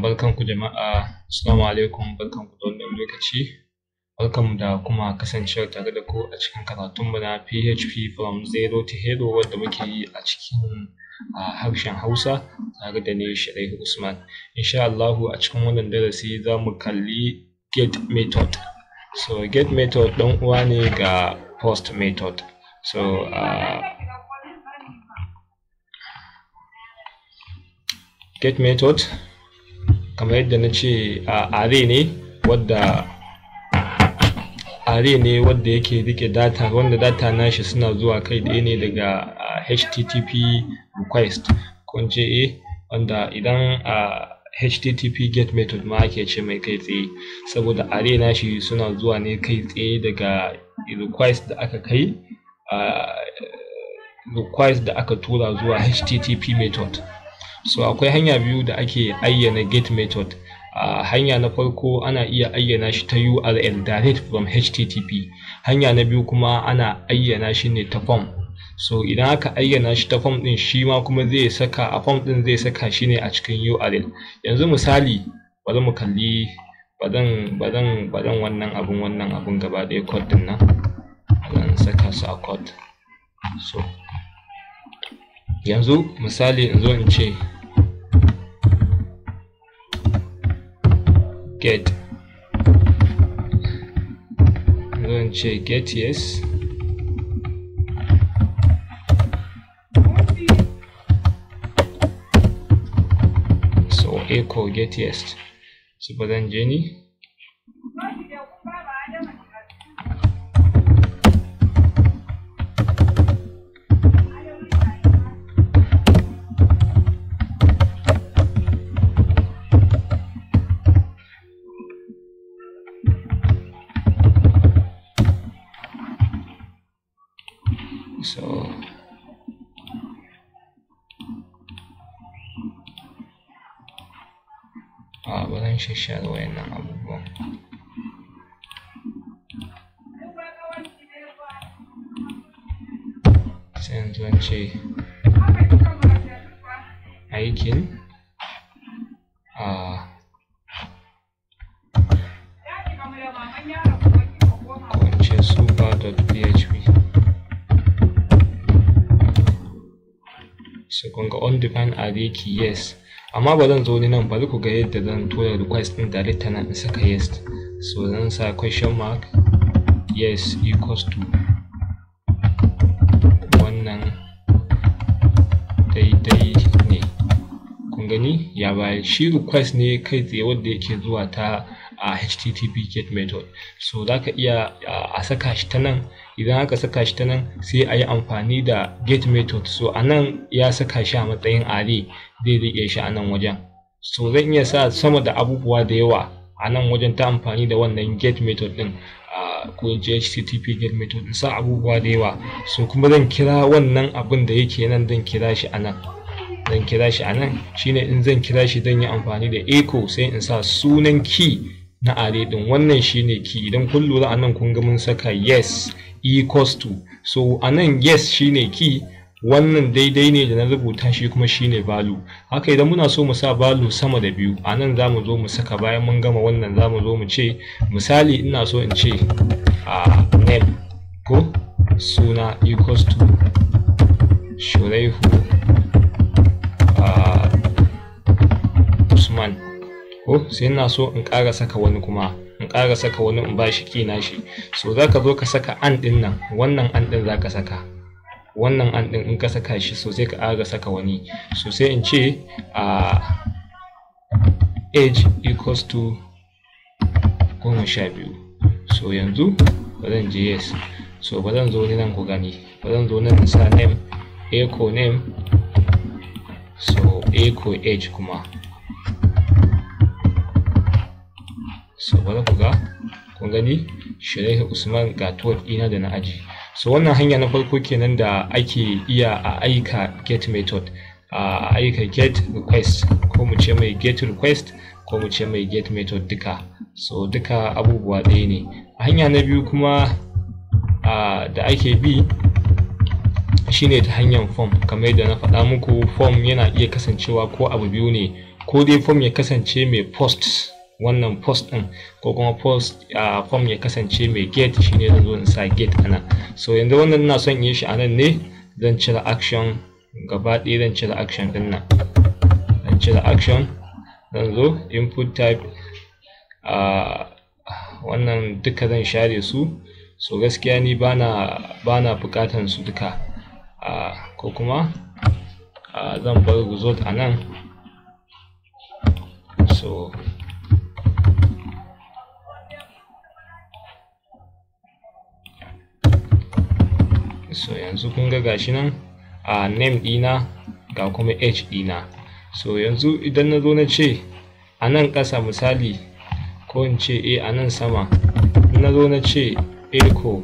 barkanku jama'a assalamu alaikum barkanku da wannan lokaci barkanmu da kuma kasancewa tare da ku a cikin karatunmu na php from zero to hero wadda muke yi a cikin harshen hausa tare da ni shirai usman insha allahu a cikin wannan darasi za mu kalli get method so get method ɗan uwa ne ga post method so get method kamar yadda na ce are ne wadda are ne wadda yake rike data wanda data nashi suna zuwa kai ɗaya ne daga http request kun ce eh, wanda idan a http get method ma ake ce mai kai tsaye saboda are nashi suna zuwa ne kai tsaye daga request da aka kai request da aka tura zuwa http method so akwai hanya biyu da ake ayyana gate method a hanya na farko ana iya ayyana shi ta url direct from http hanya na biyu kuma ana ayyana shi ne ta form so idan aka ayyana shi ta form din shi ma kuma zai saka a form din zai saka shi ne a cikin url yanzu misali bari mu kalli bazan bazan bazan wannan abun wannan abun gaba ɗaya code din nan zan saka su a code so yanzu misali in zo in ce get zan ce get yes so echo get yes so ba zan je ni a baran shashshare wayannan abubuwan sai yanzu an ce aikin a kwance super.php so kun ga yes amma ba zan zo ni nan bari ku ga yadda zan tura request ɗin da ta nan in saka yes so zan sa question mark yes equals to wannan daidai ne kun gani ya bai shi request ne kai tsaye wanda yake zuwa ta a http get method so za ka iya a saka shi ta nan idan aka saka shi ta nan sai a yi amfani da get method so a nan ya saka shi a matsayin ari zai riƙe shi a nan wajen so zan iya sa sama da abubuwa da yawa a nan wajen ta amfani da wannan get method din ko http get method in sa abubuwa da yawa so kuma zan kira wannan abin da yake nan zan kira shi a nan zan kira shi a nan shine in zan kira shi zan yi amfani da echo sai in sa sunan key na are din wannan shine ki idan kun lura anan kun ga mun saka yes e equals to so anan yes shine ki wannan daidai ne da na rubuta shi kuma shine value haka idan muna so mu sa value sama da biyu anan nan za mu zo mu saka bayan mun gama wannan za mu zo mu ce misali ina so in ce a name ko suna equals to shuraihu usman ko sai ina so in ƙara saka wani kuma in ƙara saka wani in bashi ki nashi so za ka zo ka saka an ɗin nan wannan an ɗin za ka saka wannan an ɗin in ka saka shi so sai ka ƙara saka wani so sai in ce a age equals to goma sha biyu so yanzu ba zan je yes so ba zan zo ni nan ku gani ba zan zo nan in sa name echo name so echo age kuma so bari ku ga kun gani usman ga tuwar dina da na aji so wannan hanya na farko kenan da ake iya a aika get method a aika get request ko mu ce mai get request ko mu ce mai get method duka so duka abubuwa ɗaya ne a hanya na biyu kuma da ake bi shine ta hanyar form kamar yadda na faɗa muku form yana iya kasancewa ko abu biyu ne ko dai form ya kasance mai posts wannan post din ko kuma post a form ya kasance mai gate shine zan zo in sa gate anan so yanzu wannan ina son yin shi anan ne zan cire action gaba ɗaya zan cire action din nan zan cire action zan zo input type a wannan duka zan share su so gaskiya ni bana bana bukatan su duka ko kuma zan bar result anan so so yanzu kun ga gashi nan a name dina ga kuma age dina so yanzu idan na zo na ce a nan ƙasa misali ko in ce eh, a nan sama na zo na ce echo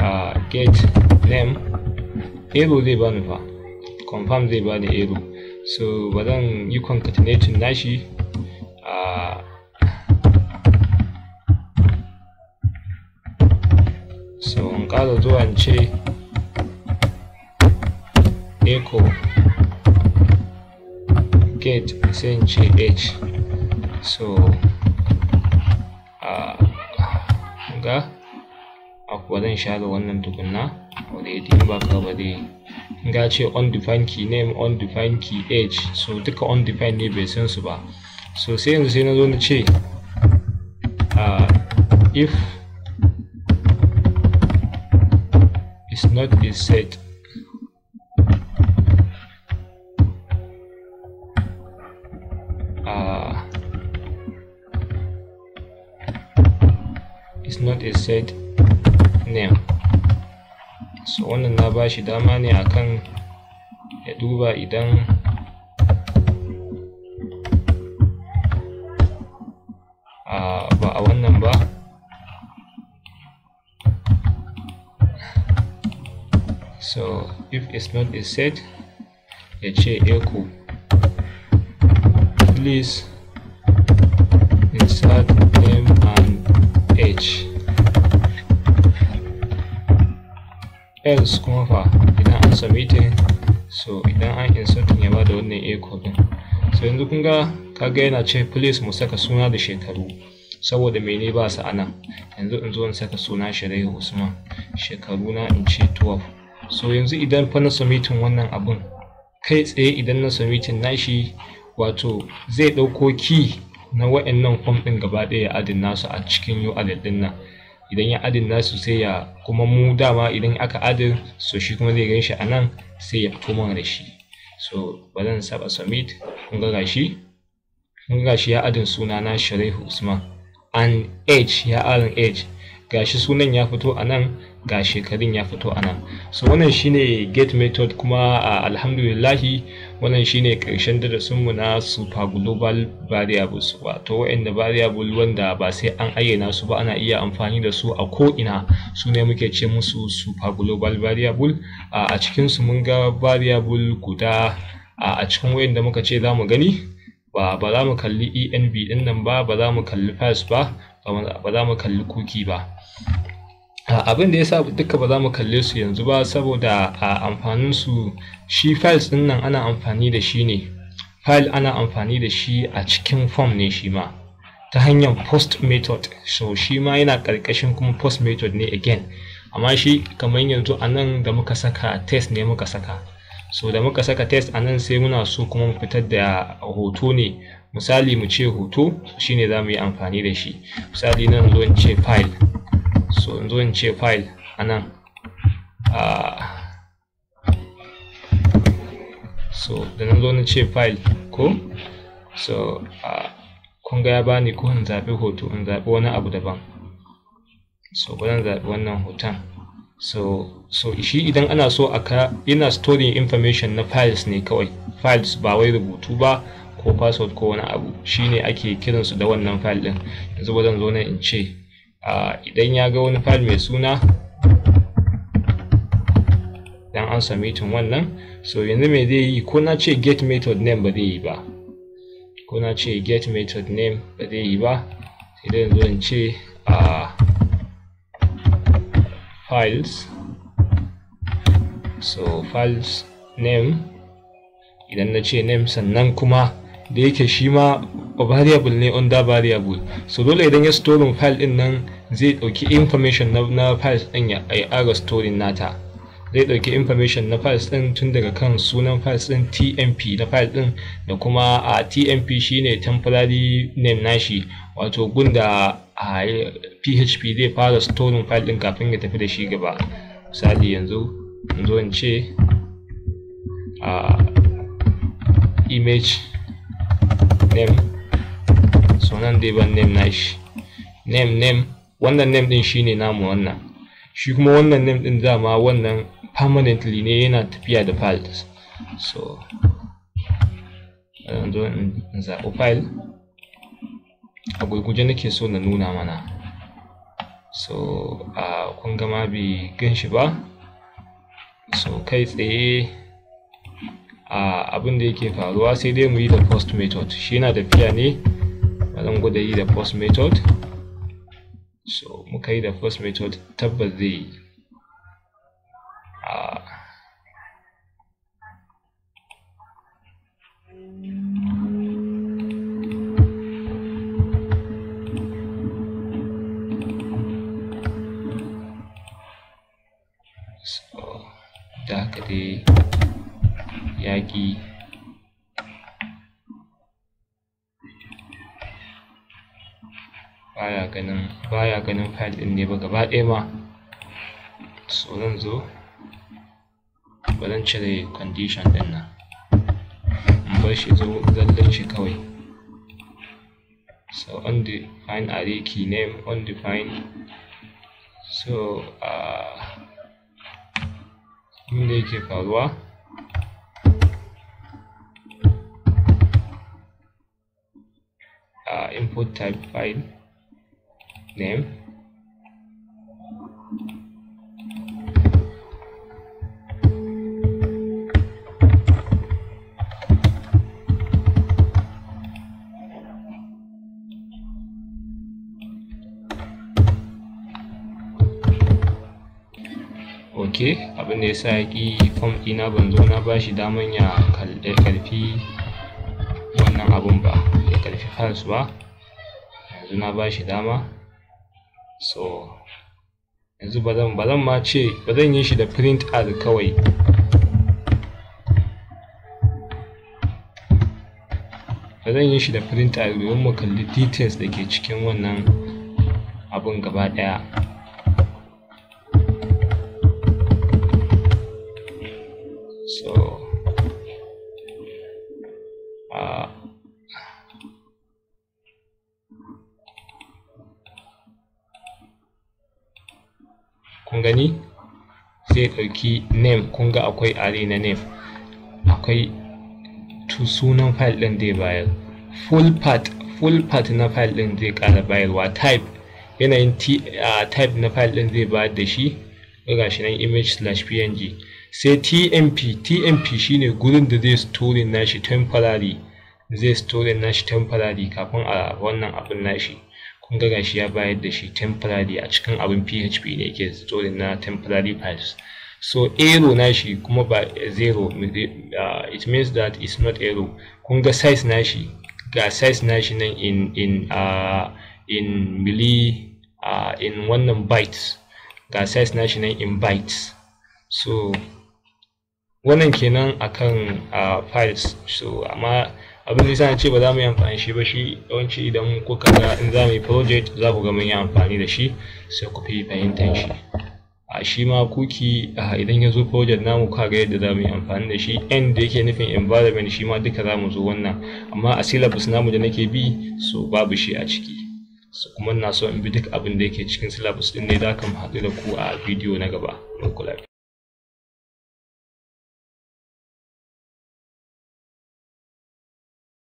a get name ero zai bani fa confirm zai bani ero so ba zan yi concatenating nashi ƙara zuwa ce echo get sai ce h so a ga akwai zan share wannan tukunna already in ba ka ba dai ga ce undefined key name undefined key age so duka undefined ne bai san su ba so sai yanzu sai na zo na ce if is not is set uh, ah. is not a set name so wannan na bashi dama ne akan ya duba idan so if it's not a set ya ce echo please insert m and h else kuma fa idan an submitting so idan an inserting ya bada wannan echo din so yanzu kun ga kaga yana ce please mu saka suna da shekaru saboda mene ba su anan yanzu in zo in saka suna shirai usman shekaru na in ce 12 so yanzu idan fa na submitin wannan abun kai tsaye idan na submitin nashi wato zai dauko key na wa'annan form ɗin gaba ɗaya ya adin nasu a cikin URL ɗin nan idan ya adin nasu sai ya kuma mu dama idan aka adin so shi kuma zai ganshi a nan sai ya fito mana da shi so ba zan saba submit kun ga gashi kun ga gashi ya adin suna na Sharihu Usman and age ya adin age gashi sunan ya fito a nan ga shekarun ya fito a nan so wannan shine gate method kuma a alhamdulillahi wannan shine karshen darasinmu na super global variables wato wayanda variable wanda ba sai an ayyana su ba ana iya amfani da su a ko'ina su ne muke ce musu super global variable a cikinsu mun ga variable guda a cikin wayanda muka ce za mu gani ba ba za mu kalli env din nan ba ba za mu kalli files ba ba za mu kalli kuki ba abin da ya sa duka ba za mu kalle su yanzu ba saboda a amfaninsu shi files din nan ana amfani da shi ne file ana amfani da shi a cikin form ne shi ma ta hanyar post method so shi ma yana karkashin kuma post method ne again amma shi kamar yanzu a nan da muka saka test ne muka saka so da muka saka test a nan sai muna so kuma mu fitar da hoto ne misali mu ce hoto shine za mu yi amfani da shi misali nan zo in ce file so in zo in ce file a nan ah. so da na zo na ce file ko so ah, kun ga ya bani ko in zaɓi hoto in zaɓi wani abu daban so bari zaɓi wannan hoton so so shi idan ana so aka yana storing information na files ne kawai files ba wai rubutu ba ko password ko wani abu shine ake kiransu da wannan file din yanzu ba zan zo na in ce idan ya ga wani file mai suna dan an submitin wannan so yanzu me zai yi ko na ce get method name ba zai yi ba ko na ce get method name ba zai yi ba sai dai yanzu in ce files so files name idan na ce name sannan kuma da yake shi ma variable ne under variable so dole idan ya storin file din nan zai dauki information na files din ya ara storin nata zai dauki information na files din tun daga kan sunan files din tmp na files din da kuma a tmp shine temporary name nashi wato gunda a php zai fara storin file din kafin ya tafi da shi gaba misali yanzu yanzu a image nem so nan dai ban na shi nem nem wannan nem din shine namu wannan shi kuma wannan nem din dama wannan permanently ne yana tafiya da files so yanzu in zaɓi file a gurguje nake so na nuna mana so a kun gama bai gan shi ba so kai tsaye abin da yake faruwa sai dai mu yi da post method shi yana tafiya ne zan gwada yi da post method so muka yi da post method tabbas zai yi so yaƙi baya ganin baya ganin file ɗin ne ba gaba ɗaya ma so zan zo zan cire condition din nan in bar shi zo zallar shi kawai so undefined array key name undefined so uh, ah, inda da yake faruwa uh, input type file name ok abin da ya sa ki form ɗina ban zo na bashi daman ya karfi wannan abun ba class ba yanzu na ba shi dama so yanzu ba zan ba zan ma ce ba zan yi shi da print as kawai ba zan yi shi da print as domin mu kalli details da ke cikin wannan abun gaba daya so kun gani zai ɗauki name kun ga akwai array na name akwai sunan file ɗin zai bayar full part full part na file ɗin zai ƙara bayarwa type yanayin type na file ɗin zai bayar da shi ga shi nan image slash png sai tmp tmp shine gurin da zai store nashi temporary zai store nashi temporary kafin a wannan abin nashi kun ga gashi ya bayar da shi temporary a cikin abin php ne yake storing na temporary files so arrow shi kuma ba zero uh, it means that it's not arrow kun ga size shi ga size shi nan in in uh, in milli uh, in wannan bytes ga size shi nan in bytes so wannan kenan akan uh, files so amma abin da yasa ce ba za mu yi amfani shi ba shi yawanci idan kuka ga in za mu yi project za ku ga mun yi amfani da shi sai ku fi fahimtar shi a shi ma kuki idan ya zo project namu ka ga yadda za mu yi amfani da shi n da yake nufin environment shi ma duka za mu zo wannan amma a syllabus namu da nake bi so babu shi a ciki su kuma na so in bi duk abin da yake cikin syllabus din ne ka mu haɗu da ku a bidiyo na gaba mun